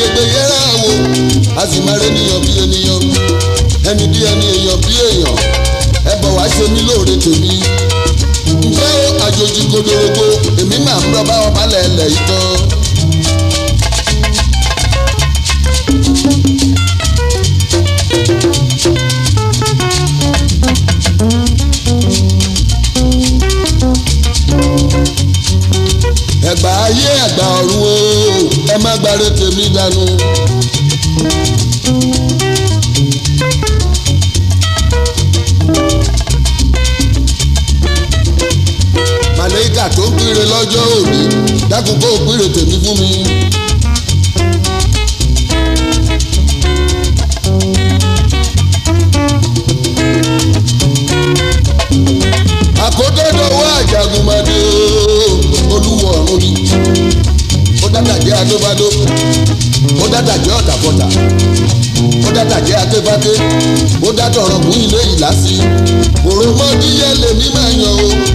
yẹgbẹyẹgbẹyẹ rà wo, a sì máa rẹ níyàn bí ènìyàn ẹni bí ni èèyàn bí èèyàn ẹ bọ̀ wá ṣe mí lóore tèmi ǹjẹ́ ó àjòjì kodorogo èmi máa ń rọ́bà ọba lẹ̀lẹ̀ ìtàn. ẹgbà ayé ẹgbà ọ̀run o ẹ má gbàre tèmi dànù. màlẹ́kà tó gbére lọ́jọ́ òní dákun kó gbére tèmi fún mi. dọ̀rọ̀ mú ilé ìlà sí i òròmọdíyẹ lèmi máa yan o.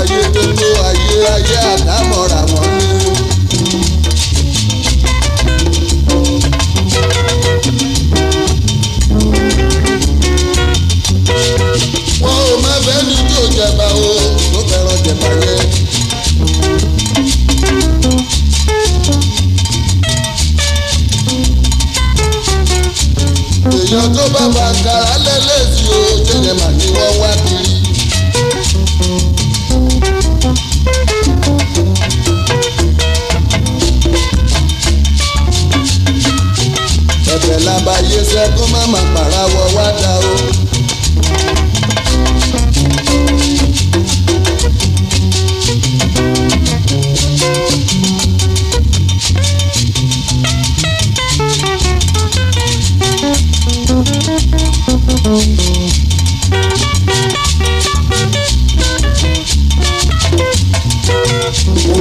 ayé tó tó ayé ayé àdámọ̀ra wọn ni. wọn ò má fẹ́ ní tó jẹba o tó fẹ́ràn jẹba yẹn. èèyàn tó bá bàtà alẹ́ lẹ́sìn o jẹ́jẹ́ màá ní wọ́n wá kiri. ìṣẹ̀lẹ̀ lábàáyé sẹ́kún má má pàràwọ̀ wá dá o.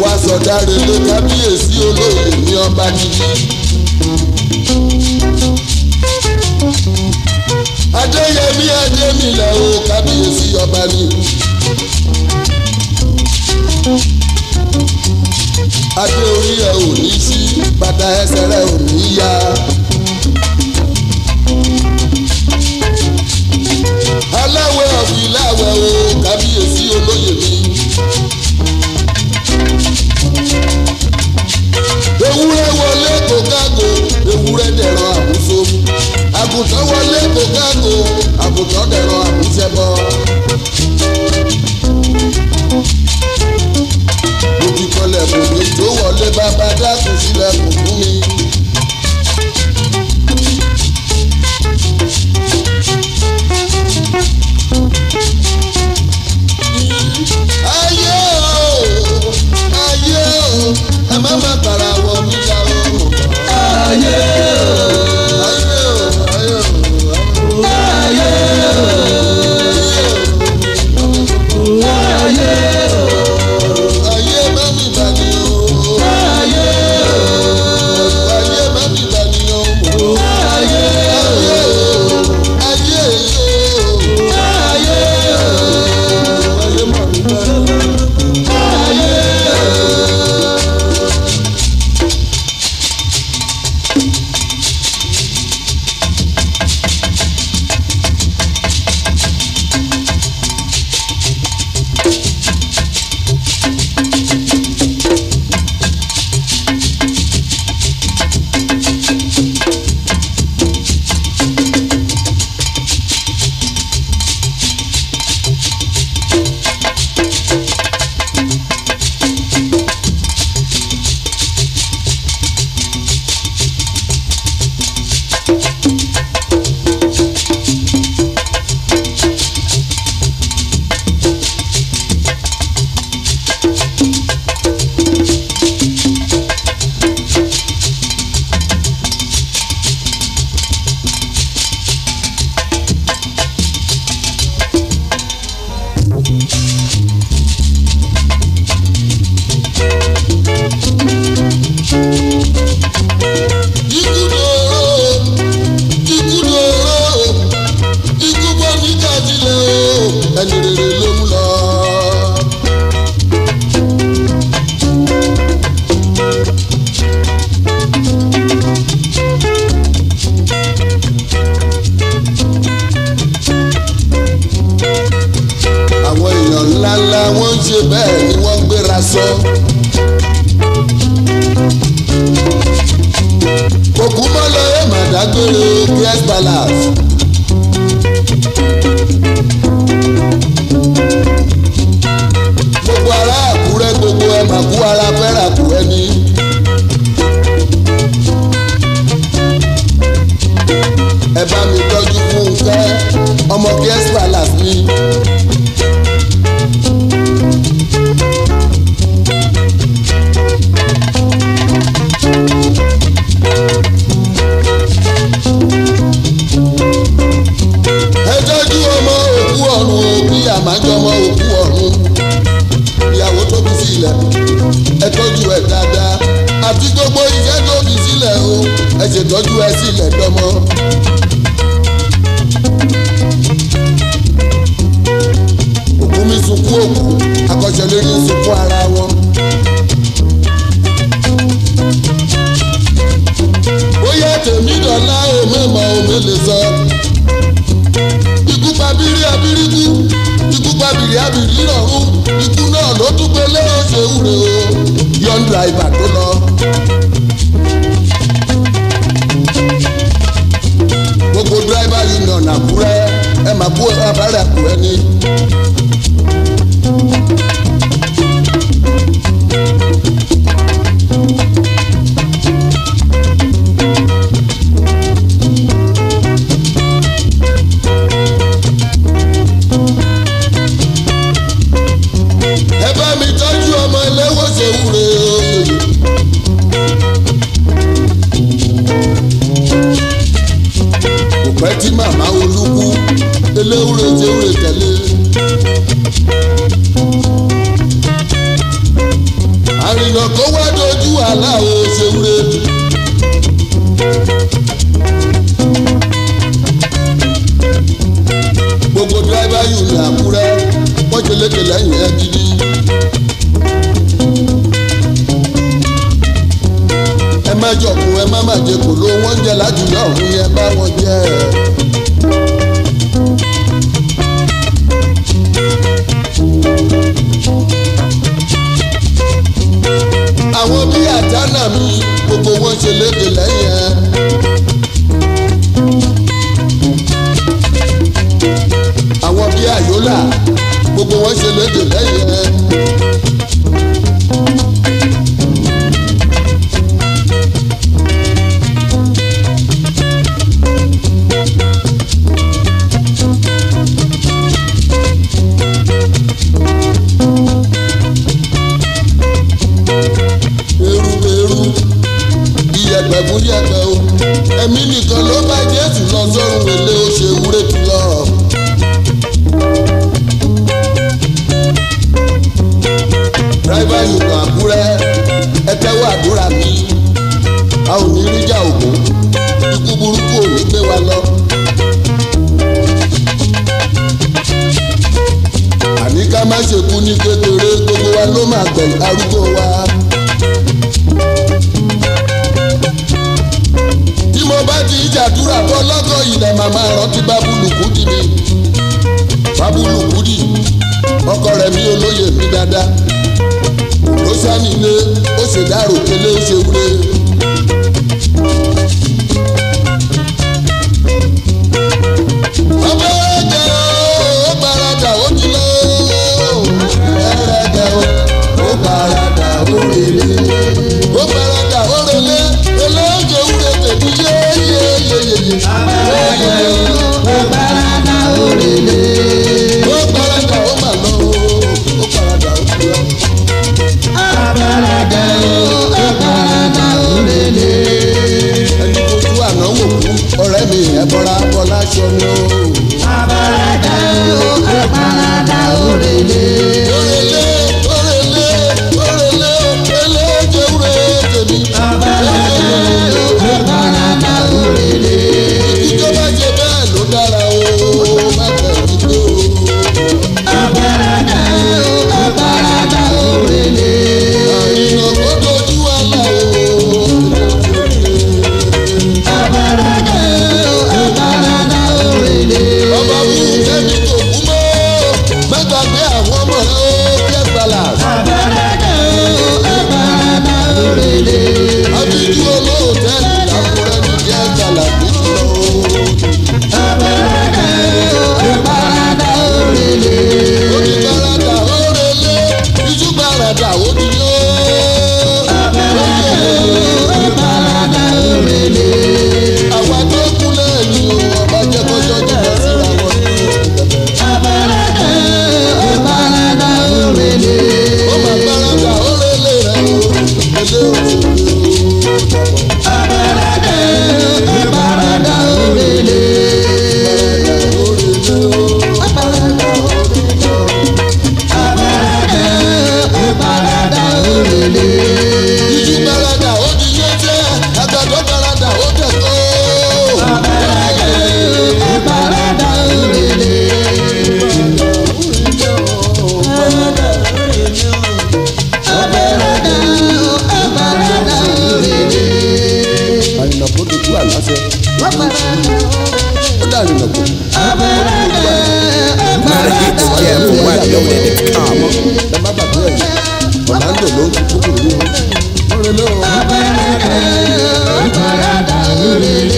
wá sọ̀dáre ló kábíyèsí olóyè ní ọba jíjí. adéyẹmí adémilẹ̀ o kábíyèsí ọba ni. adé orí ẹ ò ní sí bàtà ẹsẹ̀ rẹ ò ní yá. aláwẹ̀ ọ̀gbìn láwẹ̀ o kábíyèsí olóyè mi. àgùntàn wọlé kò gágò àgùntàn dẹ̀rọ àmúṣẹbọ. yes balas. àti gbogbo iṣẹ́ tó fi sílẹ̀ o ẹ ṣètọ́jú ẹ sílẹ̀ dọ́mọ. òkú mi sunkún òkú akọ́ṣẹ́ lórí sunkún ara wọn. bóyá tèmi dọ̀la o mẹ́mọ̀ omi lè sọ. ikú pabiri abiriku ikú pabiri abiri rọrùn ikú náà ló tún gbélé òṣèwúre o yọ̀ǹda ìbàdàn lọ. Àpò driver union Àkúrẹ́ ẹ máa bú ẹ bá rẹ̀ Àkúrẹ́ ní. tí màmá olúkú eléwúre tewúre tẹ̀lé. àrìnà kó wá dojú aláwo ṣewúre. gbogbo dírẹ́bà yìí ní àkúrẹ́ wọ́n ṣe lékè lẹ́yìn ẹ́ gidi. má jọ̀kun ẹ má má jẹ kò ló wọ́n jẹ lájùlọ ọ̀run yẹn bá wọn jẹ. àwọn bíi àjánà mi gbogbo wọn ṣe léde lẹ́yìn ẹ. yẹ̀pẹ̀ fún yẹ̀pẹ̀ o ẹ̀mí nìkan ló bá Jésù lọ sọ́run èlé ó ṣe wúré tu lọ. rival ìlú Àkúrẹ́ ẹ tẹ́wọ́ àdúrà mi a ò ní rí jà ògùn ikú burúkú ò ní gbé wa lọ. àní ká má ṣe kú ní kékeré gbogbo wa ló máa gbẹ̀yìn arúgbó wa. ti jàdúrà tó lọ́gọ́ ilẹ̀ màmá rántí bábùlùkù dì mí bábùlùkù dì ọkọ rẹ̀ mi olóyè mi dáadáa ló sá nílé ó ṣèdárò kélé ó ṣe wúlé. ojú àlàáfẹ́. wọ́n para ó dàrí nàkó. abẹ́rẹ́ abẹ́rẹ́ gíga jẹ́ fún wa ní ọ̀rẹ́ ní ẹ má bàbá ẹ̀ ọ̀làǹdò ló ti kúrò ní wọn. abẹ́rẹ́ abẹ́rẹ́ ó para dàrú rẹ̀.